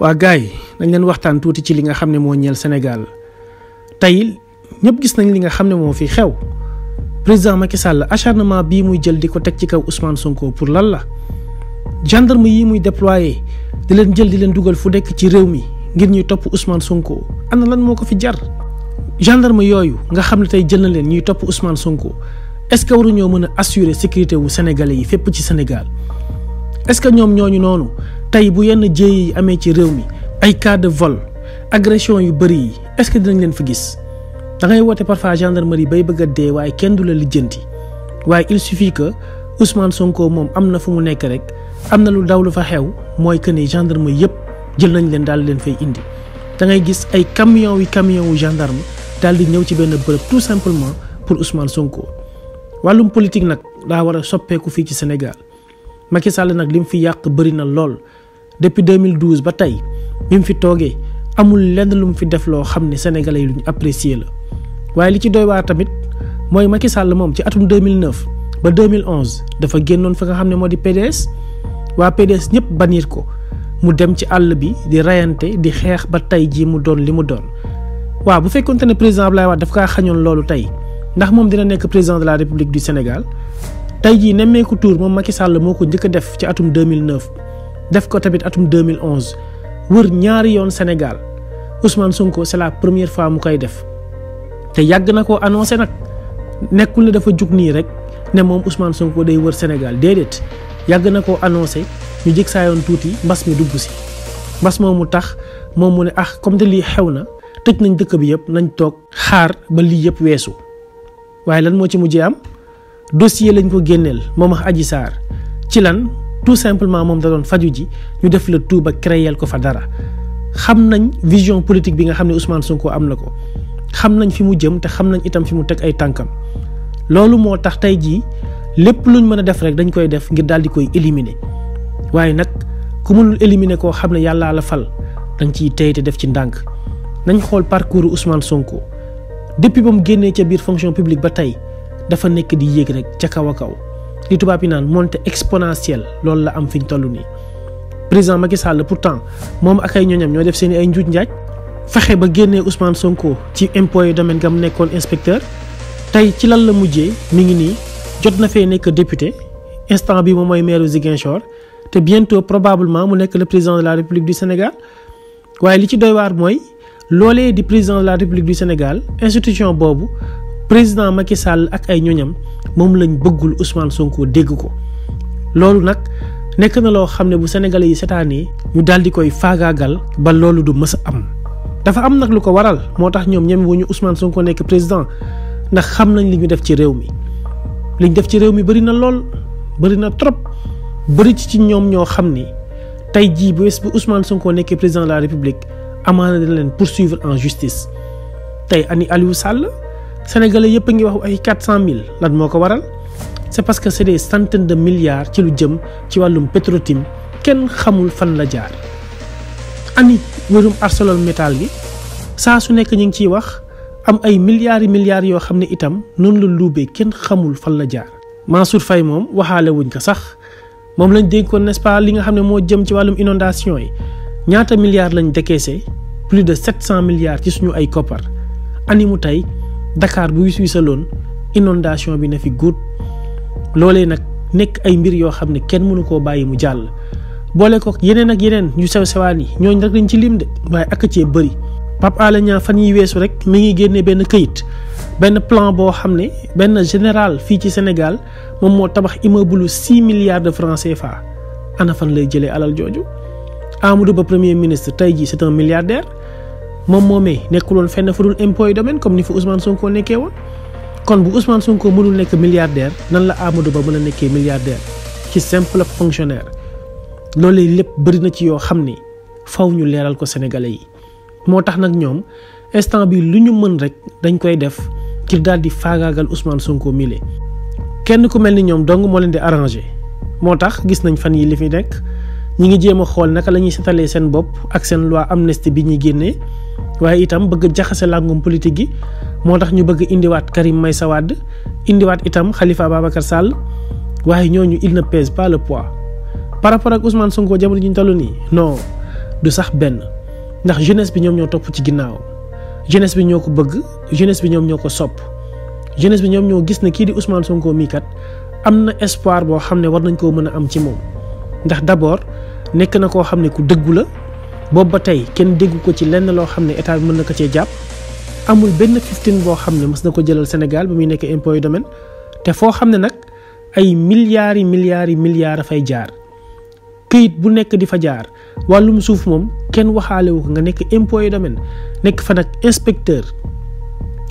waa gars yi dañ leen waxtaan tuuti ci li nga xam ne moo ñel senegal tey ñëpp gis nañ li nga xam ne moo fi xew président Macky Sall acharnement bii muy jël di ko teg ci kaw usmaan Sonko pour lan la gendarme yi muy déployé di leen jël di leen dugal fu nekk ci réew mi ngir ñuy topp Ousmane Sonko ana lan moo ko fi jar gendarme yooyu nga xam ne tey jël na leen ñuy topp Ousmane Sonko est-ce que waruñoo mën a assurer sécurité wu sénégalais yi fépp ci Sénégal est-ce que ñoom ñooñu noonu tey bu yenn jéey yi amee ci réew mi ay cas de vol agression yu bëri yi est-ce que dinañ leen fa gis da ngay woote parfois gendarmerie bay bëgga dee waaye kenn du la lijjanti waaye il suffit que Ousmane Sonko moom am na fu mu nekk rek am na lu daw lu fa xew mooy que ni gendarme yëpp jël nañ leen daal leen fay indi da ngay gis ay camion wi camion wu gendarme daal di ñëw ci benn bërëb tout simplement pour Ousmane Sonko wàllum politique nag daa war a soppeeku fii ci Sénégal. Macky Sall nag li mu fi yàq bëri na lool depuis 2012 ba tey bi mu fi toogee amul lenn lu mu fi def loo xam ne sénégalais lu ñu apprécier la waaye li ci doy waa tamit mooy Macky Sall moom ci atum 2009 ba 2011 dafa génnoon fa nga xam ne moo di PDS waa PDS ñëpp bannir ko mu dem ci àll bi di reyante di xeex ba tey jii mu doon li mu doon waaw bu fekkonte ne président Abdoulaye waa daf kaa xañoon loolu tey ndax moom dina nekk président de la République du Sénégal tey jii nemmeeku tour moom Macky sàll moo ko njëkk def ci atum 2009 def ko tamit atum 2011 wër ñaari yoon Sénégal Ousmane Sonko c'est la première fois mu koy def te yàgg na ko annoncé nag nekkul ne dafa jug nii rek ne moom Ousmane Sonko day wër Sénégal déedéet yàgg na ko annoncé ñu jëg saa yoon tuuti mbas mi dugg si mbas mu tax moom mu ne ah comme te lii xew na tëj nañ dëkk bi yëpp nañ toog xaar ba lii yëpp weesu waaye lan moo ci mujjee am. dossier lañ ko génneel moom ak aji saar ci lan tout simplement moom da doon faju ji ñu def la tuuba créer ko fa dara xam nañ vision politique bi nga xam ne Ousmane Sonko am na ko xam nañ fi mu jëm te xam nañ itam fi mu teg ay tànkam loolu moo tax tey jii lépp luñ mën a def rek dañ koy def ngir daal di koy éliminer waaye nag ku mënul éliminer koo xam ne yàllaa la fal dañ ciy tey te def ci ndànk nañ xool parcours Ousmane Sonko depuis ba mu génnee ca biir fonction publique ba tey dafa nekk di yéeg rek ca kaw a kaw li tubaab yi naan montée exponentielle loolu la am fi ñu toll nii. président Macky Sall pourtant moom ak ay ñooñam ñoo def seen ay njuuj njaaj fexe ba génnee Ousmane Sonko ci impôt yu domaine mu nekkoon inspecteur tey ci lan la mujjee mi ngi nii jot na fee nekk député instant bi moom mooy maire Ziguinchor te bientôt probablement mu nekk le président de la République du Sénégal waaye li ci doy waar mooy loolee di président de la République du Sénégal institution boobu président Macky sàll ak ay ñoñam moom lañ bëggul Ousmane Sonko dégg ko loolu nag nekk na loo xam ne bu sénégalais yi seetaanee ñu daal di koy faagaagal ba loolu du mës a am. dafa am nag lu ko waral moo tax ñoom ñem wu ñu Ousmane Sonko nekk président ndax xam nañ li ñu def ci réew mi liñ def ci réew mi bëri na lool bëri na trop bëri ci ci ñoom ñoo xam ne tey jii bu bés bu Ousmane Sonko nekkee président de la république amaana na leen poursuivre en justice tey ani Aliou Sall. sénégalais yëpp a ngi wax ay quatre cent mille lan moo ko waral c'est parce que c'est des centaines de milliards ci lu jëm ci wàllum petro kenn xamul fan la jaar. ani wërum ArcelorMittal bi saa su nekk ñu ngi ciy wax am ay milliards yi yoo xam ne itam noonu la luubee kenn xamul fan la jaar. Mansour fay moom waxaale wuñ ko sax moom lañ dénkoon n'est-ce li nga xam ne moo jëm ci wàllum inondation yi ñaata milliards lañ décaissé plus de sept cent milliards ci suñu ay koppar ani mu tey. Dakar bu wis wisaloon inondation bi na fi guut loolee nag nekk ay mbir yoo xam ne kenn mënu koo bàyyi mu jàll. boole ko yeneen ak yeneen yu sew sewaan yi ñooñ nag dañ ci lim de waaye ak cee bëri Pape Alé fan yi weesu rek mi ngi génne benn këyit benn plan boo xam ne benn général fii ci Sénégal moom moo tabax immeuble 6 milliards de francs CFA ana lay jëlee alal jooju. Amadou Ba premier ministre tey jii c'est un moom moomee nekkuloon fenn fu dul impôt et domaine comme ni fi Ousmane Sonko nekkee woon kon bu Ousmane Sonko mënul nekk milliardaire nan la Amadou Ba mën a nekkee milliardaire ci simple fonctionnaire loolu lépp bëri na ci yoo xam ni faw ñu leeral ko sénégalais yi moo tax nag ñoom instant bi lu ñu mën rek dañ koy def ngir daal di faagaagal Ousmane Sonko mile kenn ku mel ni ñoom dong moo leen di arrangé moo tax gis nañ fan yi li fi nekk ñi ngi jéem a xool naka la ñuy seen bopp ak seen loi amnistie bi ñuy génnee waaye itam bëgg jaxase làngum politique gi moo tax ñu bëgg indiwaat Karim Meïssa Wade indiwaat itam Khalifa Ababacar Sall waaye ñoo ñu ne pèse pas le poids par rapport ak Ousmane Sonko jamono ji ñu toll nii non du sax benn ndax jeunesse bi ñoom ñoo topp ci ginnaaw jeunesse bi ñoo ko bëgg jeunesse bi ñoom ñoo ko sopp jeunesse bi ñoom ñoo gis ne kii di Ousmane sunkoo mii kat am na espoir boo xam ne war nañ koo mën a am ci moom ndax d'abord nekk na koo xam ne ku dëggu la. boobu ba tey kenn déggu ko ci lenn loo xam ne état bi mën na ko cee jàpp amul benn fifteen boo xam ne mës na ko jëlal Sénégal ba muy nekk impôt yu domaine te foo xam ne nag ay milliards yi milliards yi a fay jaar këyit bu nekk di fa jaar wàllum suuf moom kenn waxaalewu ko nga nekk impôt yu domaine nekk fa nag inspecteur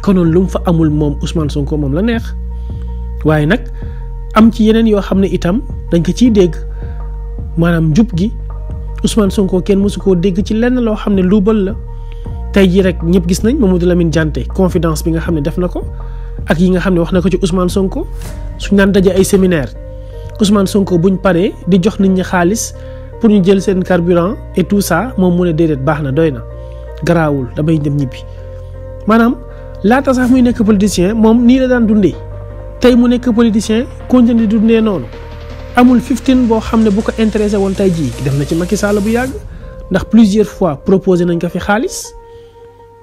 konoon lu fa amul moom Ousmane Sonko moom la neex waaye nag am ci yeneen yoo xam ne itam dañ ko ciy dégg maanaam njub gi Ousmane Sonko kenn mosu koo dégg ci lenn loo xam ne luubal la tey jii rek ñëpp gis nañ mu Mamadou Lamine jante confidence bi nga xam ne def na ko ak yi nga xam ne wax na ko ci Ousmane Sonko suñ naan dajee ay séminaire Ousmane Sonko buñ paree di jox nit ñi xaalis pour ñu jël seen carburant et tout ça moom mu ne déedéet baax na doy na garaawul damay dem ñibbi maanaam laata sax muy nekk politicien moom nii la daan dundee tey mu nekk politicien continuer di noonu. amul 15 boo xam ne bu ko intéressé woon tey jii def na ci Macky Sall bu yàgg ndax plusieurs fois proposé nañ ko fi xaalis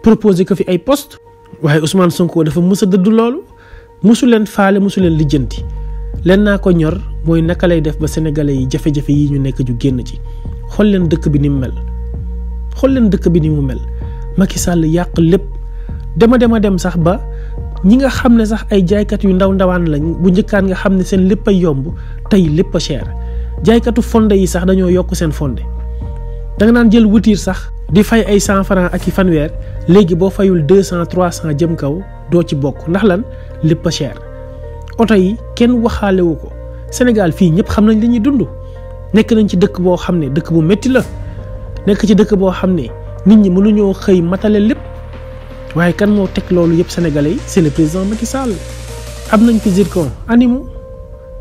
proposé ko fi ay post waaye Ousmane Sonko dafa mës a dëdd loolu mësu leen faale mësu leen lijjanti leen naa ko ñor mooy naka lay def ba sénégalais yi jafe-jafe yi ñu nekk ju génn ci xool leen dëkk bi ni mu mel xool leen dëkk bi ni mu mel Macky Sall yàq lépp dema dema dem sax ba ñi nga xam ne sax ay jaaykat yu ndaw ndawaan lañ bu njëkkaan nga xam ne seen lépp ay yomb tey lépp a jaaykatu fonde yi sax dañoo yokk seen fonde da nga naan jël wutir sax di fay ay cent ak i fanweer léegi boo fayul deux cent trois cent jëm kaw doo ci bokk ndax lan lépp a cher oto yi kenn waxaale wu ko Sénégal fii ñëpp xam nañ li ñuy dund nekk nañ ci dëkk boo xam ne dëkk bu métti la nekk ci dëkk boo xam ne nit ñi mënuñoo xëy matale lépp waaye kan moo teg loolu yëpp sénégalais yi c'est le président Macky Sall am nañ fi zircon animu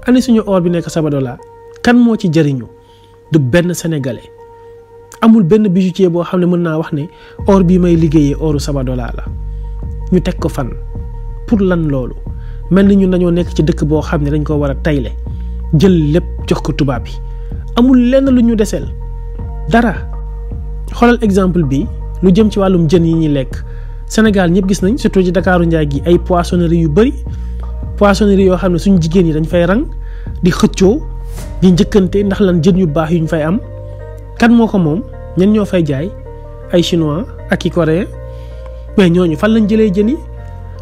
ani suñu or bi nekk Sabadola kan moo ci jëriñu du benn sénégalais amul benn bijoutier boo xam ne mën naa wax ne or bi may liggéeyee oru Sabadola la ñu teg ko fan pour lan loolu mel ni ñun dañoo nekk ci dëkk boo xam ne dañ ko war a tayle jël lépp jox ko tubaab yi amul lenn lu ñu deseel dara xoolal exemple bi lu jëm ci wàllum jën yi ñuy lekk senegal ñëpp gis nañ surtout ci Dakaaru Njaay gi ay poissonnerie yu bari poissonnerie yoo xam ne suñu jigéen yi dañ fay rang di xëccoo di njëkkante ndax lan jën yu baax yuñ fay am kan moo ko moom ñen ñoo fay jaay ay chinois ak i coréen mais ñooñu fan lañ jëlee jën yi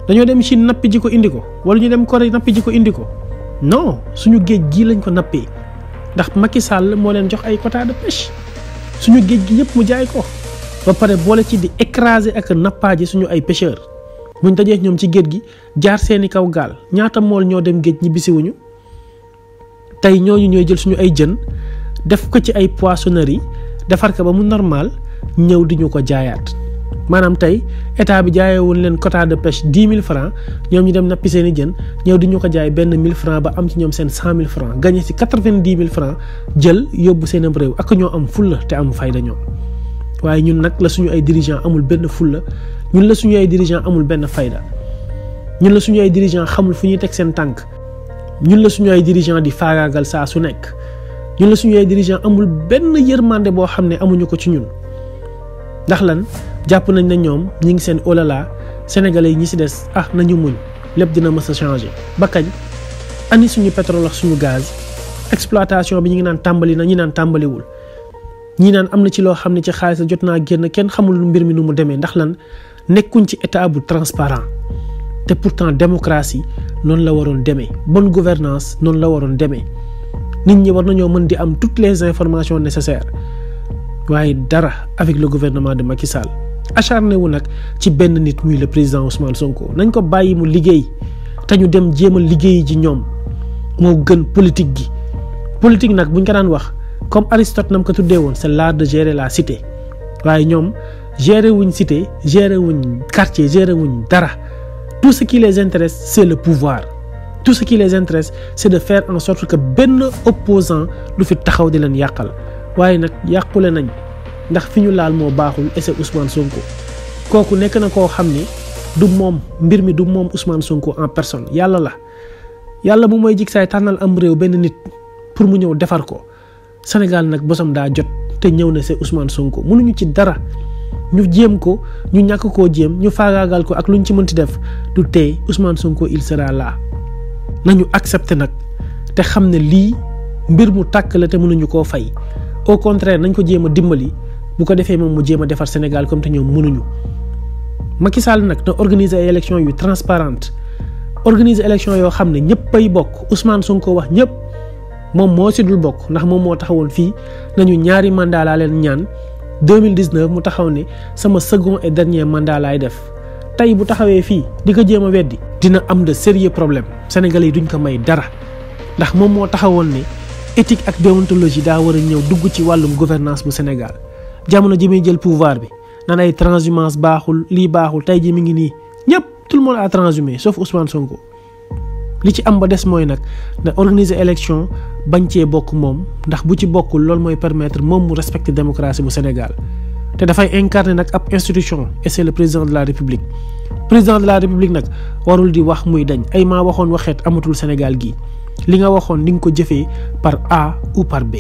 dañoo dem Chine nappi ji ko indi ko wala ñu dem Corée nappi ji ko indi ko non suñu géej gii lañ ko nappi ndax makki Sall moo leen jox ay quota de suñu géej gi yëpp mu jaay ko ba pare boole ci di écraser ak nappaaji suñu ay pêcheurs. buñ dajee ñoom ci géej gi jaar seeni kaw gaal ñaata mool ñoo dem géej ñi bisiwuñu tey ñooñu ñooy jël suñu ay jën def ko ci ay yi defar ko ba mu normal ñëw di ñu ko jaayaat maanaam tey état bi jaayee woon leen quota de pêche dix mille francs ñoom ñu dem nappi seen jën ñëw di ñu ko jaay benn mille francs ba am ci ñoom seen cent mille francs gagné ci quatre-vingt-dix mille francs jël yóbbu seen réew ak ñoo am fulla te am fayda ñoom waaye ñun nag la suñu ay dirigeant amul benn fulla ñun la suñu ay dirigeant amul benn fayda ñun la suñu ay dirigeant xamul fu ñuy teg seen tànk ñun la suñu ay dirigeant di faagaagal saa su nekk ñun la suñu ay dirigeant amul benn yërmande boo xam ne amuñu ko ci ñun ndax lan jàpp nañ ne ñoom ñi ngi seen olala sénégalais yi ñi si des ah nañu muñ lépp dina mës a changé ba kañ ani suñu pétrole ak suñu gaz exploitation bi ñu ngi naan tàmbali na ñu naan tàmbaliwul ñii naan am na ci loo xam ne ci xaalis la jot naa génn kenn xamul mbir mi nu mu demee ndax lan nekkuñ ci état bu transparent te pourtant démocratie noonu la waroon demee bon gouvernance noonu la waroon demee nit ñi war nañoo mën di am toutes les informations nécessaires waaye dara avec le gouvernement de Macky Sall acharné wu nag ci benn nit muy le président Ousmane Sonko nañ ko bàyyi mu liggéey te ñu dem jéem a liggéey ji ñoom moo gën politique gi politique nag buñ ko daan wax. comme Aristote nam ko tuddee woon c'est l'art de gérer la cité waaye ñoom gérer wuñ cité gérer wuñ quartier gérer wuñ dara tout ce qui les intéresse c'est le pouvoir tout ce qui les de faire sorte que benn opposant lu fi taxaw di leen yàqal waaye nag yàqule nañ ndax fi ñu laal moo baaxul et c'est Ousmane kooku nekk na koo xam ni du moom mbir mi du moom Ousmane Sonko en personne yàlla la yàlla bu mooy jig saay tànnal am réew benn nit pour mu ñëw defar ko Sénégal nag bosam daa jot te ñëw na c'est Ousmane Sonko mënuñu ci dara ñu jéem ko ñu ñàkk koo jéem ñu faagaagal ko ak lu ñu ci mënti def du tey Ousmane Sonko il sera là nañu accepté nag te xam ne lii mbir mu tàkk la te mënuñu koo fay au contraire nañ ko jéem a dimbali bu ko defee moom mu jéem a defar Sénégal comme te ñoom mënuñu Macky Sall nag na organiser ay yu transparente organiser élection yoo xam ne ñëpp ay bokk Ousmane Sonko wax ñëpp. moom moo si bokk ndax moom moo taxawoon fii nañu ñaari mandat laa leen ñaan 2019 mu taxaw ne sama second et dernier mandat laay def tey bu taxawee fii di ko jéem a weddi dina am de sérieux problème sénégalais yi duñ ko may dara ndax moom moo taxawoon ne éthique ak déontologie daa war a ñëw dugg ci wàllum gouvernance bu Sénégal jamono ji muy jël pouvoir bi nan ay transhumance baaxul lii baaxul tey ji mi ngi nii ñëpp tout le monde a transhumé sauf Ousmane Sonko li ci am ba des mooy nag na organiser élection bañ cee bokk moom ndax bu ci bokkul loolu mooy permettre moom mu respecter démocratie bu Sénégal te dafay incarner nag ab institution et c'est le président de la République président de la République nag warul di wax muy dañ ay ma waxoon waxeet amatul Sénégal gi li nga waxoon ni nga ko jëfee par A ou par B.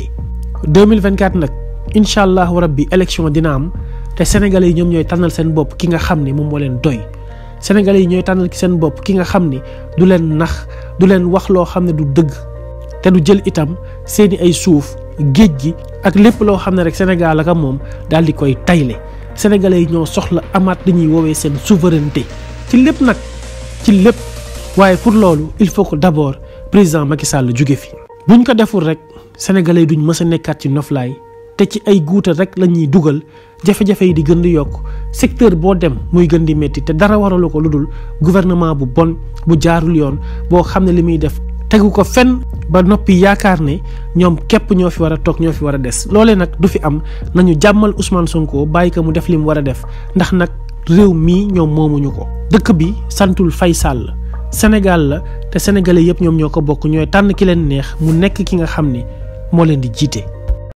2024 nag incha allah rabbi élection dina am te sénégalais yi ñoom ñooy tànnal seen bopp ki nga xam ne moom moo leen doy. sénégal yi ñooy tànnal seen bopp ki nga xam ne du leen nax du leen wax loo xam ne du dëgg. te du jël itam seeni ay suuf géej gi ak lépp loo xam ne rek Sénégal ak moom daal di koy tayle sénégalais yi ñoo soxla amaat li ñuy woowee seen souveraineté ci lépp nag ci lépp waaye pour loolu il faut que d'abord président Macky Sall jóge fi buñ ko deful rek sénégalais yi duñ mës a nekkaat ci noflaay te ci ay guuta rek la ñuy dugal jafe-jafe yi di gën di yokk secteur boo dem muy gën di métti te dara waralu ko lu dul gouvernement bu bon bu jaarul yoon boo xam ne li muy def tegu ko fenn ba noppi yaakaar ne ñoom képp ñoo fi war a toog ñoo fi war a des loole nag du fi am nañu jàmmal Ousmane Sonko bàyyi ko mu def li mu war a def ndax nag réew mii ñoom moomuñu ko. dëkk bi santul Faye Sall Sénégal la te sénégalais yëpp ñoom ñoo ko bokk ñooy tànn ki leen neex mu nekk ki nga xam ne moo leen di jiite.